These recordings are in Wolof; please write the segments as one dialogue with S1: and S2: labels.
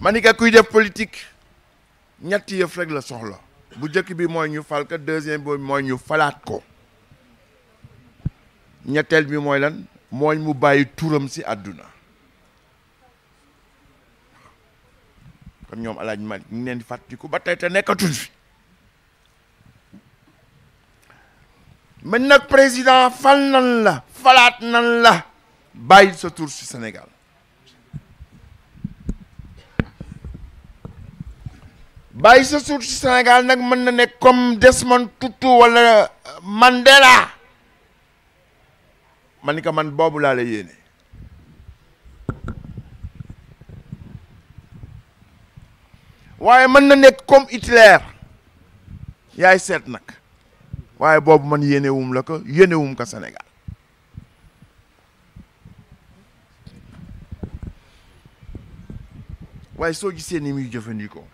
S1: ma ni ka kuy def politique ñetti yëf rek la soxla bu njëkk bi mooy ñu fal ko deuxième bi mooy ñu falaat ko ñetteel bi mooy lan mooy mu bàyyi turam ci àdduna kon ñoom alaaj ma ñu leen ba tey te nekkatul fi man nag président fal nan la falaat nan la bàyyi sa tur ci Sénégal bàyyi sa suuf si nag mën na nekk comme Desmond Tutu wala Mandela man ni ko man boobu laa la yéene waaye mën na nekk comme Hitler yaay seet nag waaye bobu man yéenewum la ko yéenewum ko Sénégal waaye soo gisee ni muy jëfandikoo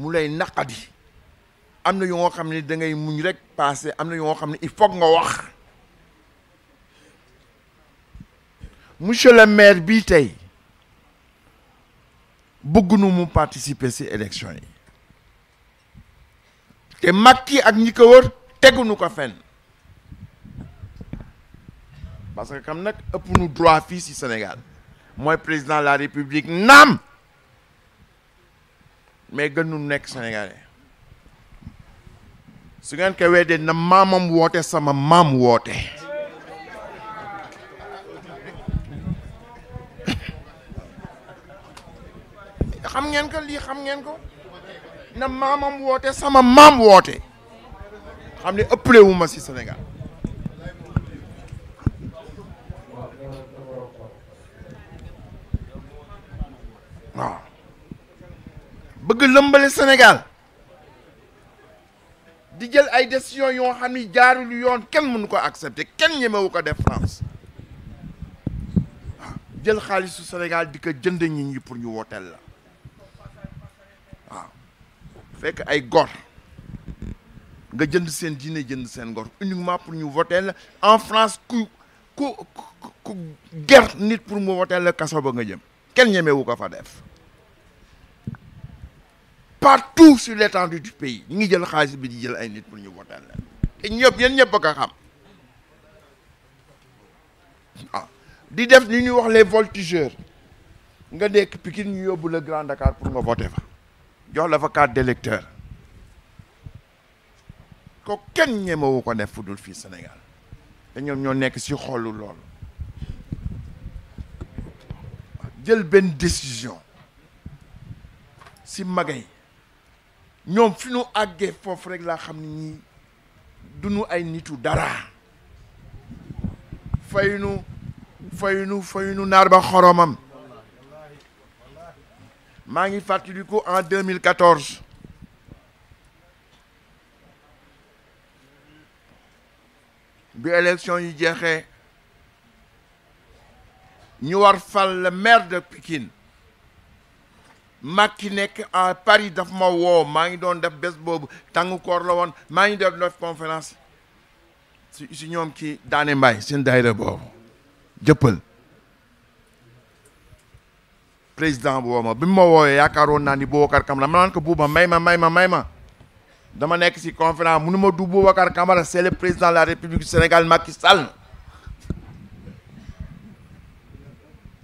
S1: mu lay naqadi am na yoo xam ne dangay ngay muñ rek passé am na yoo xam ne il faut nga wax monsieur le maire bii tey bëgg mu participer si élection yi te Macky ak ñi ko wër teguñu ko fen parce que kam nag ëpp nu droit fii ci Sénégal mooy président de la République naam mais gën nekk sénégalais su ngeen ko weddee na maamam woote sama maam woote xam ngeen ko lii xam ngeen ko na maamam woote sama maam woote xam ne ëppale wu ma si Sénégal waaw bëgg lëmbale Sénégal di jël ay décisions yoo xam ni jaarul yoon kenn mënu ko accepter kenn ñemewu ko def France waaw ah, jël xaalisu Sénégal di ko jënd ñi ñi pour ñu wooteel la waaw ah, fekk ay gor nga jënd seen diine jënd seen góor uniquement pour ñu wooteel la en France ku ku ku ger nit pour mu wooteel la kaso ba nga jëm kenn ñemewu ko fa def partout sur l'étendue du pays ñi ngi jël xaalis bi di jël ay nit pour ñu voter la te ñëpp yéen ñëpp a ko xam ah di def li ñuy wax les voltigeurs nga nekk Pikine ñu yóbbu la Grand Dakar pour nga voter fa jox la fa carte d'électeur ko kenn ñemewu ko def fu dul fii Sénégal te ñoom ñoo nekk si xolu loolu jël benn décision ci magay ñoom fi ñu àggee foofu rek laa xam ni duñu ay nitu dara fay nu fay nu fay nu naar ba xoromam maa ngi fàttaliku en 2014 bi élection yi jeexe ñu war fal le maire de Pikine Macky nekk à Paris daf ma woo maa ngi doon def bés boobu tàngu koor la woon maa ngi doon def conférence si si ñoom ci daane mbaay seen daayira boobu jëppal président woo ma bi mu ma woowee yaakaaroon naa ni Boubacar Camara ma naan ko buuba may ma may ma may ma dama nekk si conférence munu ma du Boubacar Camara c'est le président la République du Sénégal Macky Sall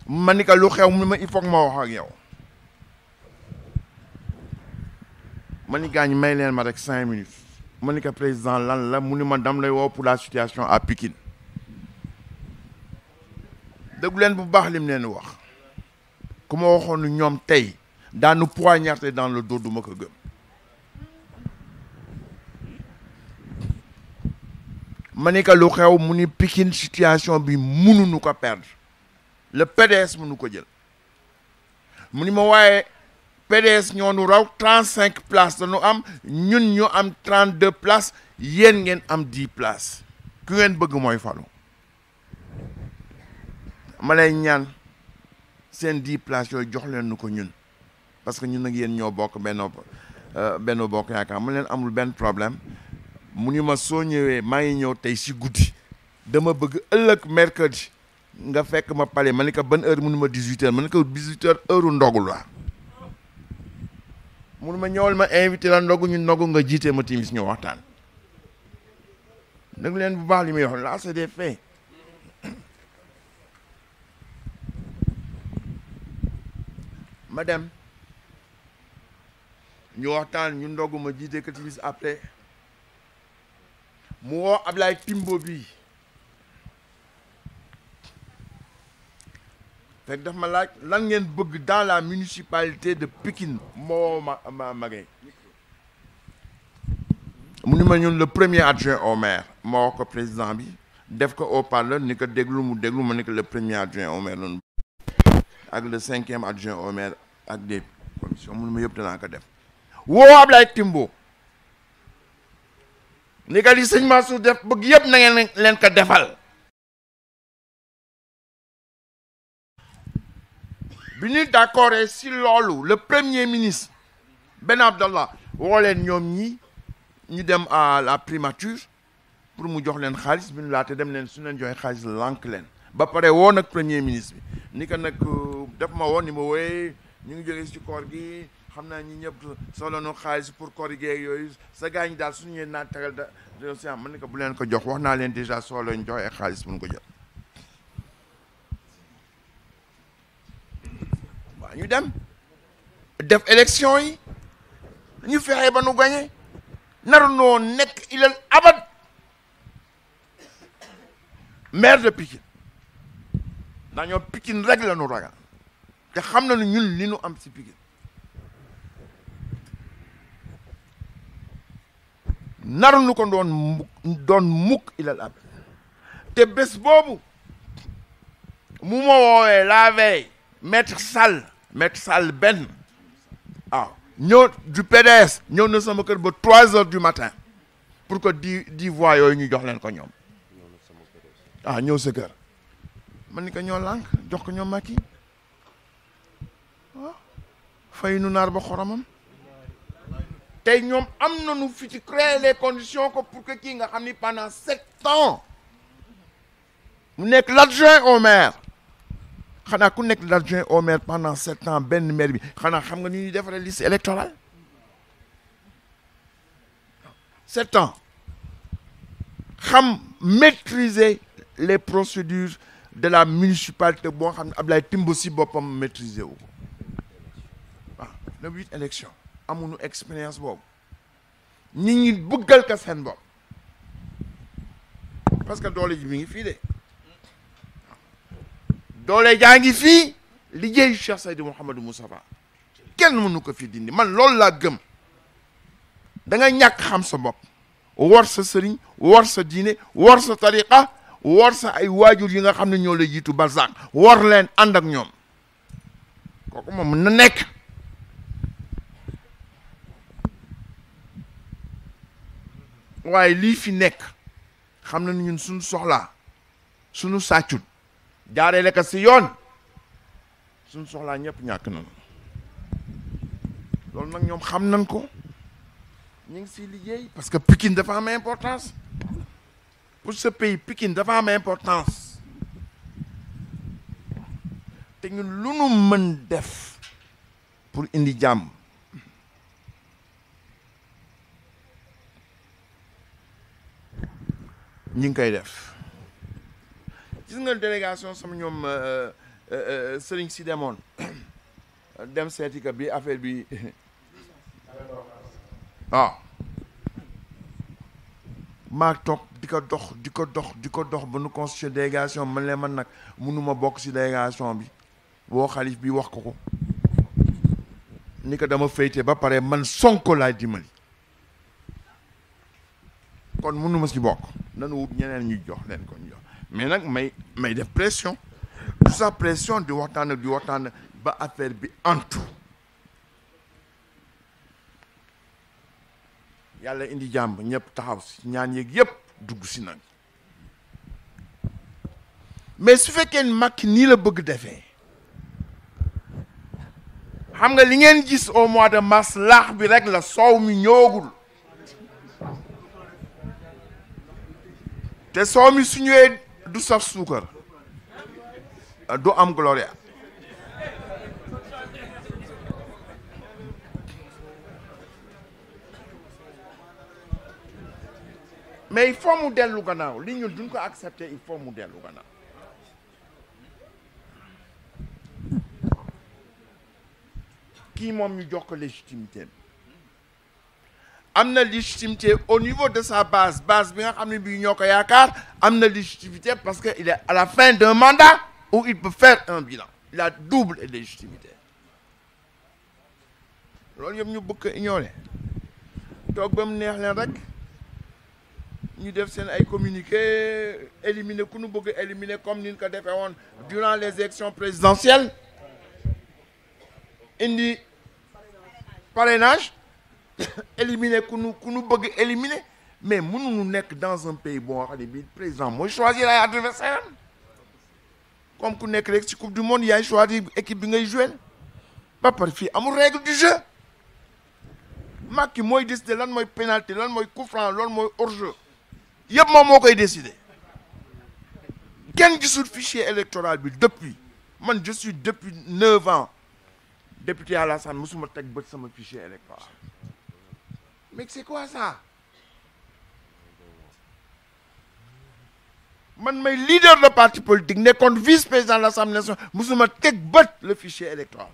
S1: ma ni ko lu xew mu ma il faut ma wax ak yow ma ni gaañ may leen ma rek cinq minutes ma ni ko président lan la mu ni ma dam lay woo pour la situation à Pikine déglu leen bu baax lim leen wax ku ma waxoon ni ñoom tey daanu poignarder dans le dos du ma ko gëm ma ni ko lu xew mu ni Pikine situation bi mënuñu ko perdre le PDS mënu ko jël mu ni ma waaye PDS ñoo nu raw trente cinq places la ñu am ñun ñu am trente deux place yéen ngeen am di place ku ngeen bëgg mooy falu ma lay ñaan seen di places yooyu jox leen nu ko ñun parce que ñun nag yéen ñoo bokk benn euh, benn bokk yaakaar mu leen amul benn problème mu ni ma soo ñëwee maa ngi ñëw tey si guddi dama bëgg ëllëg mercredi nga fekk ma pale ma ni ko ban heure mu ni ma dix huit heures ma ni ko dix huit heures heure mun ma ñëwal ma invité la ndogu ñu ndogu nga jiitee ma timis ñu waxtaan dégg leen bu baax li muy wax là c'est des faits ma dem ñu waxtaan ñu ndogu ma jiite ka timis après mu woo Ablaye Timbo bii fekk daf ma laaj lan ngeen bëgg dans la municipalité de Pikine moo ma ma mu ni ma ñun le premier adjoint au maire moo wax ko président bi def ko au parleur ni ko déglu mu déglu ma ni ko le premier adjoint au maire noonu ak le cinquième adjoint au maire ak des commissions mu ni ma yëpp danaa ko def woo Ablaye Timbo ni ko li sëñ Mansour def bëgg yëpp na ngeen leen ko defal bi ñu d'accord si loolu le premier ministre Ben Abdallah woo leen ñoom ñi ñu dem à la primature pour mu jox leen xaalis bi ñu laata dem leen su leen joxe xaalis lànk leen ba pare woo nag premier ministre bi ni ko nag euh, daf ma woo ni ma wooyee ñu ngi jógee si koor gi xam naa ñi ñëpp soxla na xaalis pour corriger yooyu sa gaañ daal suñu yeen naa tegal da si am man ni ko bu leen ko jox wax naa leen déjà soxla ñu joxee xaalis bu ñu ko jox ñu dem def élection yi ñu fexe ba nu gañe naru noo nekk ilal abad maire de Pikine ndax ñoom Pikine nu ragal te xam na nañu ñun li nu am si Pikine naru nu ko doon mukk doon mukk abad te bés boobu mu ma woowee la veille maître Sall maître Sall benn waaw ñëw du PDS ñëw na sama kër ba trois heures du matin pour que di di voix yooyu ñu jox leen ko ñoom ah ñëw sa kër man ni ko ñoo lank jox ko ñoom ma waaw ah, fay nu naar ba xoromam tey ñoom am nañu fi ci créer les conditions que pour que kii nga xam ni pendant sept ans mu nekk juin au maire xanaa ku nekk l'adjoint au maire pendant sept ans benn maire bi xanaa xam nga ni ñuy defaree liste électorale sept ans xam maîtriser les procédures de la municipalité boo xam ne Ablaye Timbo si boppam maîtriser wu ko waaw le huit élection amuñu expérience boobu ñi ñi bëggal ka seen bopp parce que doole ji mi ngi fii doole jaa ngi fii liggéeyu Cheikh Seydi Mouhamadou Moustapha kenn mënu ko fi dindi man loolu laa gëm da nga ñàkk xam sa bopp war sa sëriñ war sa diine war sa tariqa wor sa ay waajur yi nga xam ne ñoo la jiitu barzaq war leen ànd ñoom kooku moom mën na nekk waaye lii fi nekk xam na ñun suñu soxla sunu sàccul jaare lekk si yoon suñ soxlaa ñëpp ñàkk nañu loolu nag ñoom xam nañ ko ñu ngi siy liggéey parce que Pikine dafa am importance pour ce pays Pikine dafa am importance te ñun lu nu mën def pour indi jàmm ñu ngi koy def gis nga délégation sama ñoom euh, euh, euh, sëriñ si demoon dem seeti ka bi affaire bi waaw maa toog di ko dox di ko dox di ko dox ba nu constitué délégation man leen man nag munuma bokk si délégation bi woo xalif bi wax ko ko ni ko dama féyte ba pare man Sonko laay dimbali kon mënuma si bokk nanu wut ñeneen ñu jox leen ko ñu jox mais nag may may def pression tout ça pression di waxtaan di waxtaan ba affaire bi antu yàlla indi jàmm ñëpp taxaw si ñaan yeeg yëpp dugg si nag mais su fekkee ne Macky nii la bëgg defee xam nga li ngeen gis au mois de mars laax bi rek la soow mi ñoogul te soow mi su ñëwee du saf suukar du am gloria mais il faut mu dellu gannaaw li ñun duñ ko accepter il faut mu dellu gannaaw kii moom ñu jox ko am na légitimité au niveau de sa base base bi nga xam ne bii ñoo ko yaakaar am na légitimité parce que il est à la fin d'un mandat où il peut faire un bilan la a double légitimité loolu yëpp ñu bëgg ko ignorer toog ba mu neex leen rek ñu def seen ay communiqué éliminer ku nu bëgg éliminer comme ni ñu ko defee woon durant les élections présidentielles indi parrainage éliminer ku nu ku nu bëgg éliminer mais mënuñu nekk dans un pays boo xam ne bii président mooy choisir ay adversaire am comme ku nekk rek ci coupe du monde yaay choisir équipe bi ngay jouer ba pare fii amul règle du jeu Macky mooy décider lan mooy pénalité lan mooy coup franc loolu mooy hors-jeu yëpp moom moo koy décider kenn gisul fichier électoral bi depuis man je suis depuis neuf ans député à l'Assemblée musuma teg bët sama fichier électoral mais c'est quoi ça man may leader de parti politique nekkoon vice président de l'Assemblée nationale musuma teg bat le fichier électoral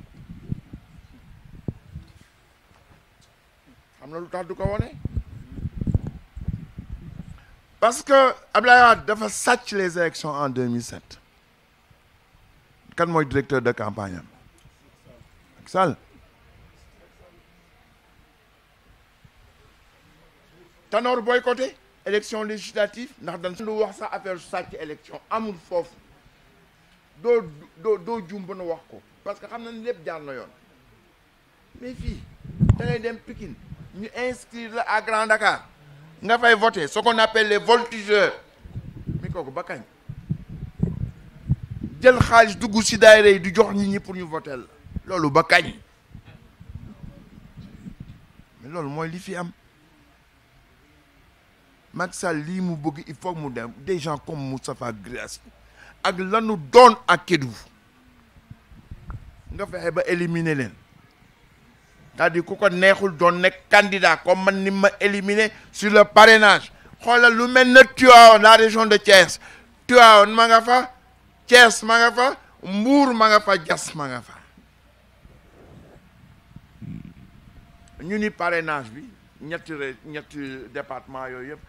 S1: xam na lu tax du ko wone parce que Abdoulaye dafa sàcc les élections en 2007 kan mooy directeur de campagne am Tanor boycotté élection législative ndax dan lu wax sax affaire sàcc élection amul foofu doo doo doo juum ba nu wax ko parce que xam na ni lépp jaar na yoon mais fii da dem Pikine ñu inscrire la à Grand Dakar nga fay voter ce qu'on appelle les voltigeurs mi ko ba kañ jël xaalis dugg ci daayira yi du jox nit ñi pour ñu voter la loolu ba kañ mais loolu mooy li fi am Macky Sall lii mu bëgg il faut mu dem des gens comme Moustapha Guirassy ak lanu doon ak Kédougou nga fexe ba éliminer leen cest à ku ko neexul doon nekk candidat comme man ni ma éliminer sur le parrainage xoolal lu mel na Tivaouane la région de Thiès Tivaouane ma nga fa Thiès ma nga fa Mbour ma nga fa Diass ma nga fa ñu ni parrainage bi ñetti re ñetti département yooyu yëpp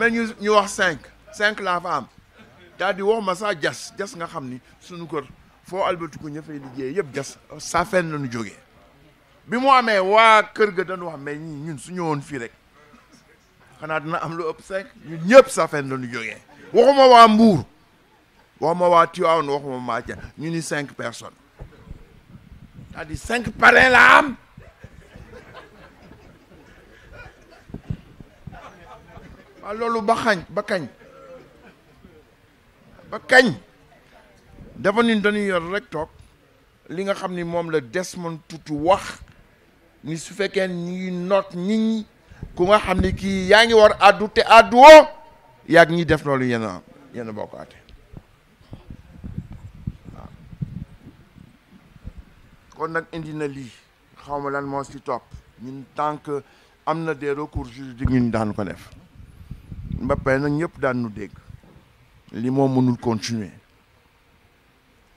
S1: mais ñu wax cinq cinq laa fa am daal di wax ma sax jas jas nga xam ni suñu kër foo albatiku ña fay liggéey yëpp jas saa fenn lañu jógee bi mu amee waa kër ga dañu wax mais ñun su ñëwoon fii rek xanaa dina am lu ëpp cinq ñun ñëpp saa fenn lañu jógee waxuma waa Mbour waxuma waa Tivaouane waxuma Mathia ñu ni cinq personnes daal di cinq parrain laa am waa loolu ba xañ ba kañ ba kañ dafa ni dañuy yor rek toog li nga xam ni moom la des Desmond Tutu wax ni su fekkee ñu ngi noot nit ñi ku nga xam ni kii yaa ngi war àddu te àdduwoo yàgg ñi def loolu yenn a yéen a kon nag indi na lii xaw ma lan moo si topp ñun tant que am na des recours juridiques ñun daan ko def Mbappé nag ñëpp daan nu dégg li moom mënul continuer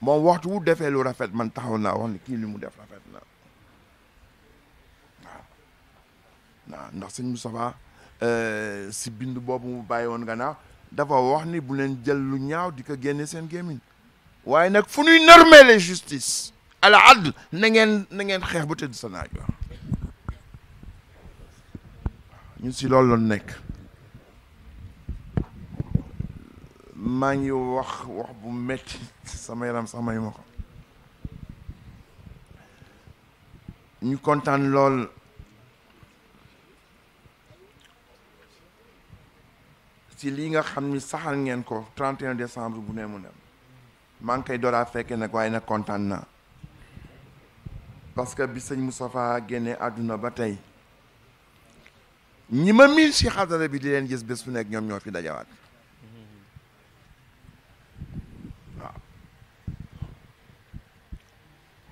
S1: moom waxtu wu defee lu rafet man taxaw naa wax ni kii li mu def rafet na waaw ndax sëñ Moustapha euh, si bind boobu mu bàyyi woon nga gannaaw dafa wax ni bu leen jël lu ñaaw di ko génne seen gémmiñ waaye nag fu ñuy normale justice ala adl na ngeen na ngeen xeex ba tëdd sa naaj waaw ñu si loolu loon nekk maa ngi wax wax bu metti sama yaram sax mayu ñu kontaan lool ci lii nga xam ni saxal ngeen ko 31 décembre bu ne mu ne maa ngi koy doraa fekkee nag waaye nag kontaan naa parce que bi sëñ Moustapha génne àdduna ba tey ñi ma miin ci xadara bi di leen gis bés nekk ñoom ñoo fi dajawaat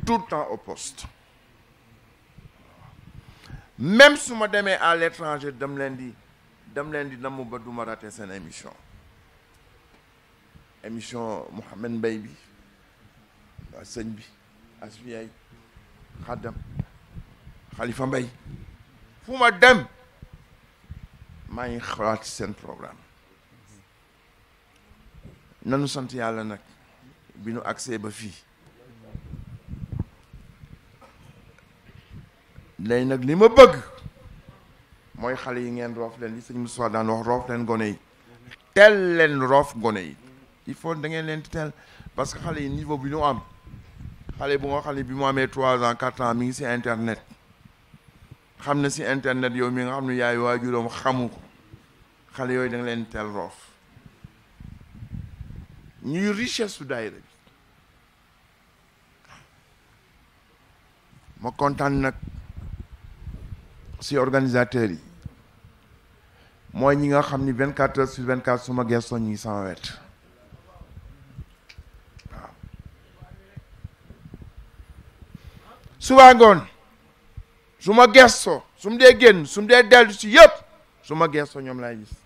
S1: tout le temps au poste même su ma demee à l'étranger dem leen di dem leen di namm ba duma rate seen émission émission Mouhamed Mbaye bi waa sëñ bi Asfiyaay Xaddam Xalifa mbay fu ma dem maa ngi xalaat seen programme nanu sant yàlla nag bi nu agsee ba fii léegi nag li ma bëgg mooy xale yi ngeen roof leen li sëñ Moussa daan wax roof leen gone yi teel leen roof gone yi il faut da ngeen leen teel parce que xale yi niveau bi ñu am xale bu nga xam bi mu amee trois ans quatre ans mi ngi si internet xam na si internet yow mi nga xam ne yaay waajuram xamu ko xale yooyu da leen teel roof ñuy richesse su daayira bi ma kontaan nag si organisateurs yi mooy ñi nga xam ni vingt quatre heures vingt quatre su ma gestoo ñi sama wet waaw suba su ma gestoo su mu dee génn su dee dellu si yëpp suma ma ñoom laay gis